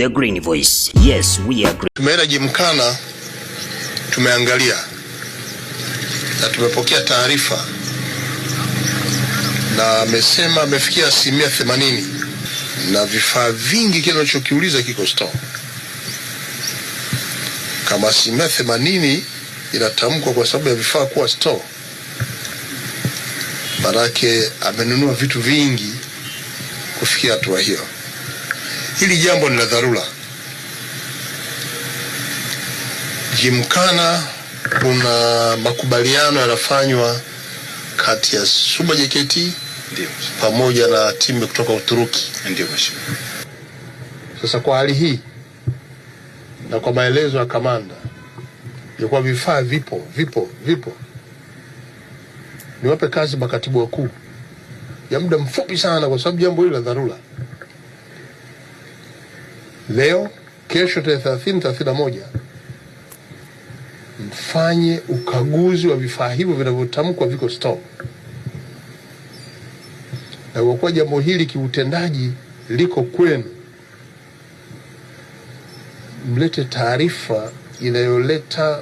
The Green Voice. Yes, we green. Tumeenda Jimkana, tumeangalia na tumepokea taarifa na amesema amefikia asilimia themanini na vifaa vingi, kile unachokiuliza kiko store. Kama asilimia themanini inatamkwa kwa sababu ya vifaa kuwa store, manake amenunua vitu vingi kufikia hatua hiyo. Hili jambo ni la dharura. Jimkana kuna makubaliano yanafanywa kati ya Suma JKT pamoja na timu kutoka Uturuki. Ndiyo, mheshimiwa. Sasa kwa hali hii na kwa maelezo ya kamanda ilikuwa vifaa vipo vipo vipo, niwape kazi makatibu wakuu ya muda mfupi sana, kwa sababu jambo hili la dharura leo, kesho tarehe thelathini, thelathini na moja, mfanye ukaguzi wa vifaa hivyo vinavyotamkwa viko store, na kwa kuwa jambo hili kiutendaji liko kwenu, mlete taarifa inayoleta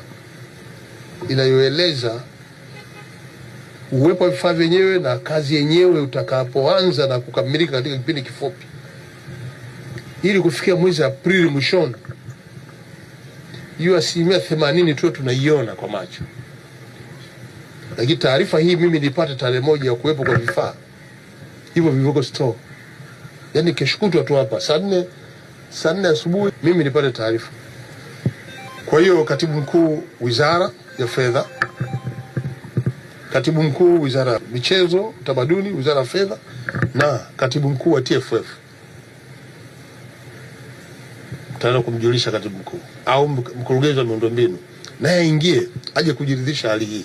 inayoeleza uwepo wa vifaa vyenyewe na kazi yenyewe utakapoanza na kukamilika katika kipindi kifupi ili kufikia mwezi Aprili mwishoni hiyo asilimia themanini tuwe tunaiona kwa macho. Lakini taarifa hii mimi nilipata tarehe moja ya kuwepo kwa vifaa hivyo vilivyoko store, yaani kesho kutwa tu hapa saa nne saa nne asubuhi mimi nilipata taarifa. Kwa hiyo katibu mkuu wizara ya fedha, katibu mkuu wizara ya michezo, utamaduni, wizara ya fedha na katibu mkuu wa TFF mtaenda kumjulisha katibu mkuu au mkurugenzi wa miundombinu, naye aingie aje kujiridhisha hali hii.